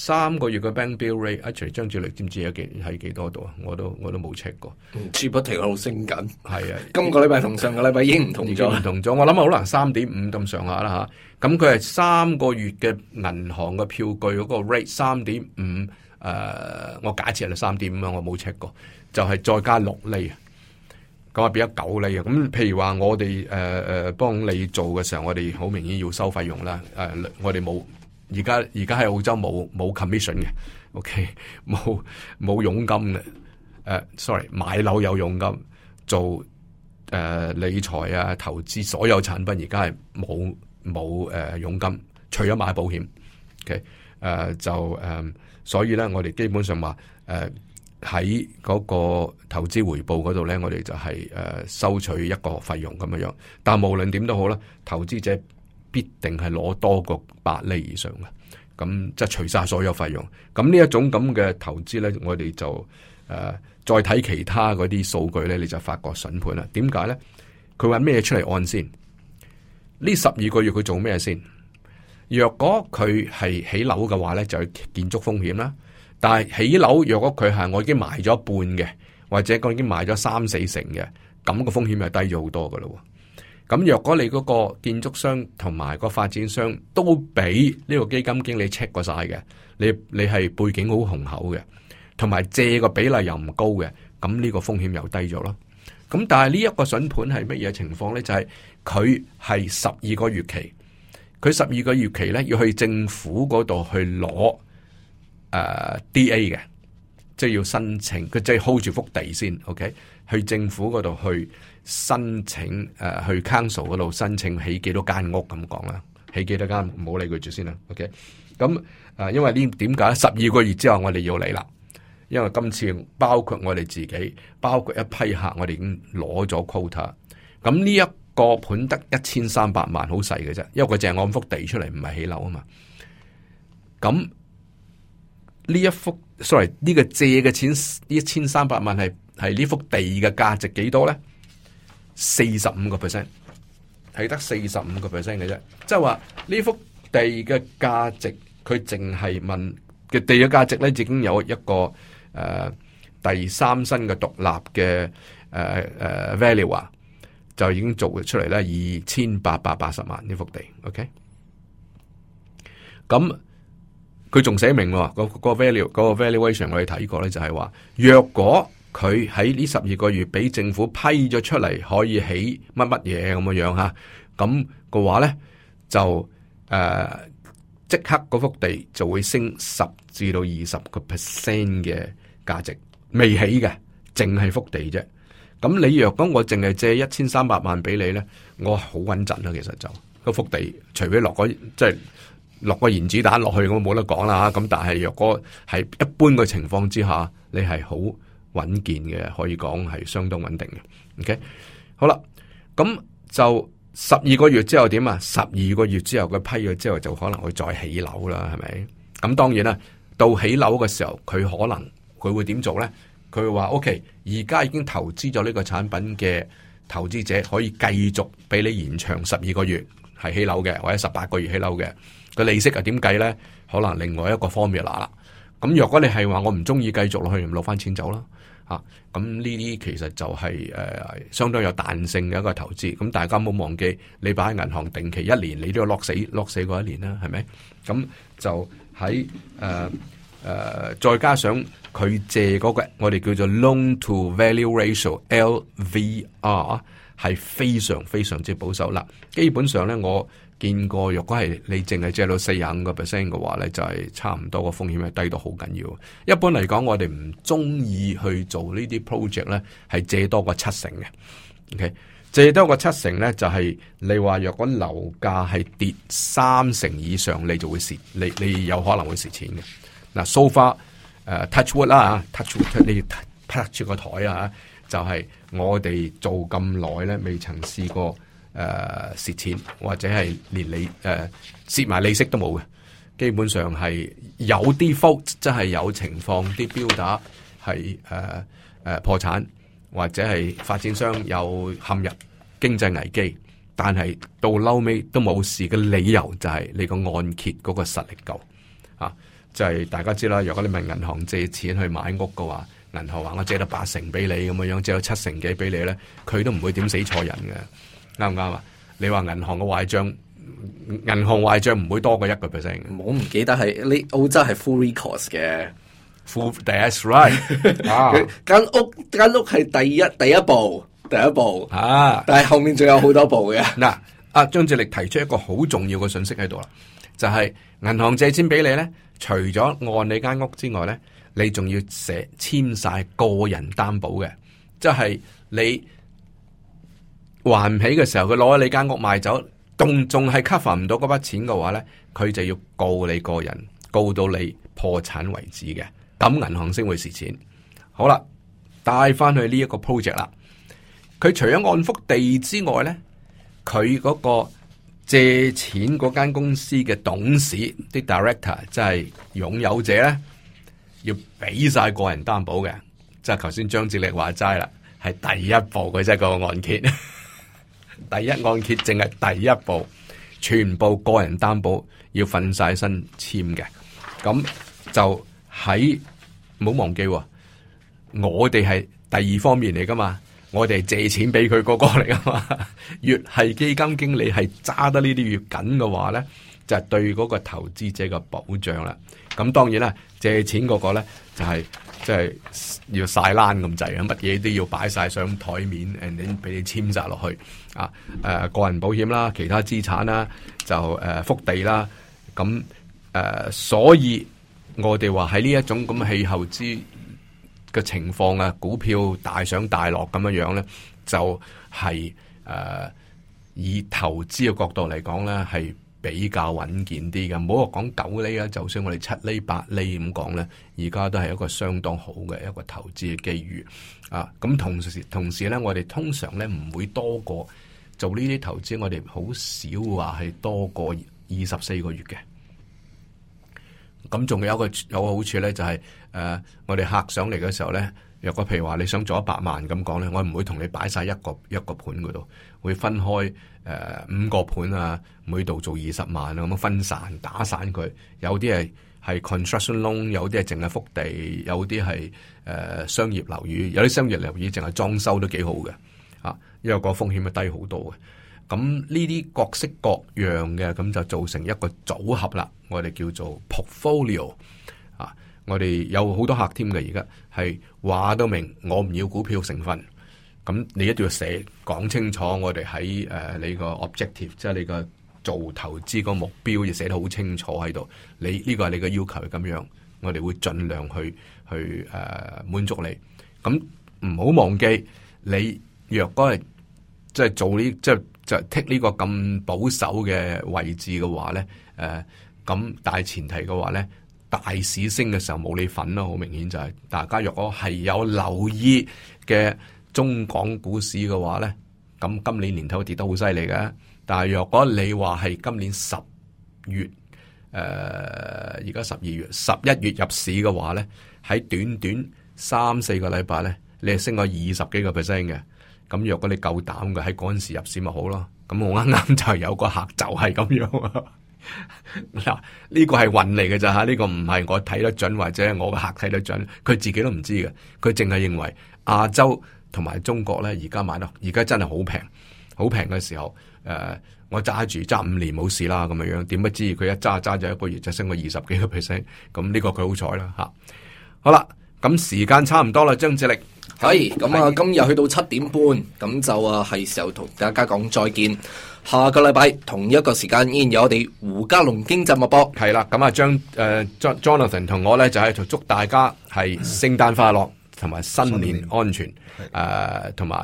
三個月嘅 bank bill rate，其實張志雷知唔知有幾係幾多度啊？我都我都冇 check 過，唔止、嗯、不停喺度升緊。係啊的，今個禮拜同上個禮拜已經唔同咗，唔、嗯、同咗。了我諗啊，可能三點五咁上下啦嚇。咁佢係三個月嘅銀行嘅票據嗰個 rate 三點五，誒我假設係三點五啊，我冇 check 過，就係、是、再加六釐，咁啊變咗九厘。啊。咁譬如話我哋誒誒幫你做嘅時候，我哋好明顯要收費用啦。誒、呃，我哋冇。而家而家喺澳洲冇冇 commission 嘅，OK，冇冇佣金嘅。誒、uh, sorry，買樓有佣金，做誒、uh, 理財啊、投資所有產品現在沒有，而家係冇冇誒佣金，除咗買保險。OK，誒、uh, 就誒，um, 所以咧，我哋基本上話誒喺嗰個投資回報嗰度咧，我哋就係誒收取一個費用咁樣樣。但無論點都好啦，投資者，必定係攞多個百厘以上嘅，咁即係除晒所有費用，咁呢一種咁嘅投資咧，我哋就誒、呃、再睇其他嗰啲數據咧，你就發覺審判啦。點解咧？佢話咩出嚟按先？呢十二個月佢做咩先？若果佢係起樓嘅話咧，就係建築風險啦。但係起樓，若果佢係我已經賣咗一半嘅，或者我已經賣咗三四成嘅，咁個風險係低咗好多噶咯。咁若果你嗰個建築商同埋個發展商都俾呢個基金經理 check 過晒嘅，你你係背景好雄厚嘅，同埋借個比例又唔高嘅，咁呢個風險又低咗咯。咁但係呢一個筍盤係乜嘢情況呢？就係佢係十二個月期，佢十二個月期呢，要去政府嗰度去攞、呃、DA 嘅，即係要申請，佢就係 hold 住幅地先。OK，去政府嗰度去。申請、呃、去 Council 嗰度申請起幾多間屋咁講啦，起幾多間唔好理佢住先啦。OK，咁、呃、因為呢點解十二個月之後我哋要嚟啦？因為今次包括我哋自己，包括一批客，我哋已經攞咗 quota。咁呢一個盤得一千三百萬，好細嘅啫，因為佢淨係按幅地出嚟，唔係起樓啊嘛。咁呢一幅，sorry，呢個借嘅錢，呢一千三百萬係係呢幅地嘅價值幾多咧？四十五個 percent 係得四十五個 percent 嘅啫，即係話呢幅地嘅價值，佢淨係問嘅地嘅價值咧，已經有一個誒、呃、第三身嘅獨立嘅誒誒 value 啊，呃呃 er, 就已經做出嚟咧二千八百八十萬呢幅地，OK？咁佢仲寫明、個個 value 嗰個 valuation 我哋睇過咧，就係、是、話若果。佢喺呢十二個月俾政府批咗出嚟，可以起乜乜嘢咁嘅樣吓，咁嘅話咧就誒即刻嗰幅地就會升十至到二十個 percent 嘅價值，未起嘅淨係幅地啫。咁你若果我淨係借一千三百萬俾你咧，我好穩陣啦。其實就個幅地除非落個即係落個原子彈落去，我冇得講啦吓。咁但係若果係一般嘅情況之下，你係好。穩健嘅可以講係相當穩定嘅，OK，好啦，咁就十二個月之後點啊？十二個月之後嘅批咗之後就可能會再起樓啦，係咪？咁當然啦，到起樓嘅時候佢可能佢會點做咧？佢話 OK，而家已經投資咗呢個產品嘅投資者可以繼續俾你延長十二個月係起樓嘅，或者十八個月起樓嘅，嘅利息係點計咧？可能另外一個 formula 啦。咁若果你係話我唔中意繼續落去，攞翻錢走啦。啊，咁呢啲其實就係、是呃、相當有彈性嘅一個投資。咁、嗯、大家唔好忘記，你擺喺銀行定期一年，你都要落死落死一年啦，係咪？咁、嗯、就喺、呃呃、再加上佢借嗰個，我哋叫做 loan to value ratio（LVR） 係非常非常之保守啦。基本上咧，我見過，若果係你淨係借到四十五個 percent 嘅話咧，就係、是、差唔多個風險係低到好緊要。一般嚟講，我哋唔中意去做這些呢啲 project 咧，係借多個七成嘅。O、okay? K，借多個七成咧，就係、是、你話若果樓價係跌三成以上，你就會蝕，你你有可能會蝕錢嘅。嗱、啊、so far，誒、uh, touch wood 啦、uh, 嚇，touch wood，你 touch 住個枱啊，就係我哋做咁耐咧，未曾試過。誒，蝕、啊、錢或者係連利誒，蝕、啊、埋利息都冇嘅，基本上係有啲 default，即係有情況啲 builder 係誒誒破產或者係發展商有陷入經濟危機，但係到嬲尾都冇事嘅理由就係你個按揭嗰個實力夠啊！就係、是、大家知啦，如果你問銀行借錢去買屋嘅話，銀行話我借得八成俾你咁樣樣，借到七成幾俾你咧，佢都唔會點死錯人嘅。啱唔啱啊？你話銀行嘅壞賬，銀行壞賬唔會多過一個 percent。我唔記得係你澳洲係 full recourse 嘅。full desk right S、啊。佢間屋間屋係第一第一步，第一步啊，但係後面仲有好多步嘅。嗱、啊，阿張智力提出一個好重要嘅信息喺度啦，就係、是、銀行借錢俾你咧，除咗按你間屋之外咧，你仲要寫簽晒個人擔保嘅，即、就、係、是、你。還唔起嘅時候，佢攞咗你間屋賣走，仲仲係 cover 唔到嗰筆錢嘅話咧，佢就要告你個人，告到你破產為止嘅。咁銀行先會蝕錢。好啦，帶翻去呢一個 project 啦。佢除咗按幅地之外咧，佢嗰個借錢嗰間公司嘅董事啲，那個、director，即係擁有者咧，要俾晒個人擔保嘅。即係頭先張志力話齋啦，係第一步嘅即係個案件。第一案揭淨係第一步，全部個人擔保要瞓晒身簽嘅，咁就喺唔好忘記，我哋係第二方面嚟噶嘛，我哋係借錢俾佢個個嚟噶嘛，越係基金經理係揸得呢啲越緊嘅話咧。就係對嗰個投資者嘅保障啦。咁當然啦，借錢嗰個咧就係即係要晒攣咁滯啊！乜嘢都要擺晒上台面，誒你俾你籤晒落去啊！誒、呃、個人保險啦，其他資產啦，就誒福、呃、地啦。咁誒、呃，所以我哋話喺呢一種咁嘅氣候之嘅情況啊，股票大上大落咁樣樣咧，就係、是、誒、呃、以投資嘅角度嚟講咧，係。比較穩健啲嘅，唔好話講九厘啦。就算我哋七厘、八厘咁講咧，而家都係一個相當好嘅一個投資嘅機遇啊。咁同時同時咧，我哋通常咧唔會多過做呢啲投資，我哋好少話係多過二十四個月嘅。咁仲有一個有一個好處咧，就係、是、誒、啊，我哋客上嚟嘅時候咧，若果譬如話你想做一百萬咁講咧，我唔會同你擺晒一個一個盤嗰度，會分開。誒、呃、五個盤啊，每度做二十萬啊，咁分散打散佢。有啲係係 construction loan，有啲係淨係覆地，有啲係誒商業樓宇，有啲商業樓宇淨係裝修都幾好嘅啊，因為個風險係低好多嘅。咁呢啲各式各樣嘅，咁就做成一個組合啦。我哋叫做 portfolio 啊。我哋有好多客添嘅，而家係話都明，我唔要股票成分。咁你一定要寫講清楚我，我哋喺誒你個 objective，即係你個做投資個目標要寫得好清楚喺度。你呢、這個係你個要求，咁樣我哋會盡量去去誒滿、呃、足你。咁唔好忘記，你若果係即係做、就是就是、這這呢，即係就剔呢個咁保守嘅位置嘅話咧，誒咁大前提嘅話咧，大市升嘅時候冇你份咯，好明顯就係、是、大家若果係有留意嘅。中港股市嘅話咧，咁今年年頭跌得好犀利嘅。但係若果你話係今年十月，誒而家十二月、十一月入市嘅話咧，喺短短三四個禮拜咧，你係升咗二十幾個 percent 嘅。咁若果你夠膽嘅喺嗰陣時入市咪好咯。咁我啱啱就有個客就係咁樣啊。嗱， 呢個係運嚟嘅咋吓，呢個唔係我睇得準或者我嘅客睇得準，佢自己都唔知嘅。佢淨係認為亞洲。同埋中國咧，而家買咯，而家真係好平，好平嘅時候，誒、呃，我揸住揸五年冇事啦，咁樣樣，點不知佢一揸揸咗一個月就升過二十幾個 percent，咁呢個佢好彩啦吓。好啦，咁時間差唔多啦，張智力係，咁啊今日去到七點半，咁就啊係時候同大家講再見，下個禮拜同一個時間依然有我哋胡嘉龍經濟脈搏，係啦，咁啊張誒 Jon Jonathan 同我咧就喺度祝大家係聖誕快樂。嗯同埋新年安全，誒，同埋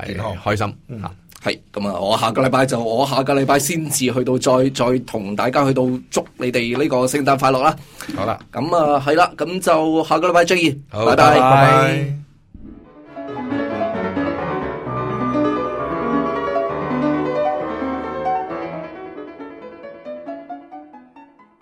開心啊，係咁啊！嗯、我下個禮拜就我下個禮拜先至去到再，再再同大家去到祝你哋呢個聖誕快樂啦！好啦的，咁啊係啦，咁就下個禮拜再見，拜拜，拜拜。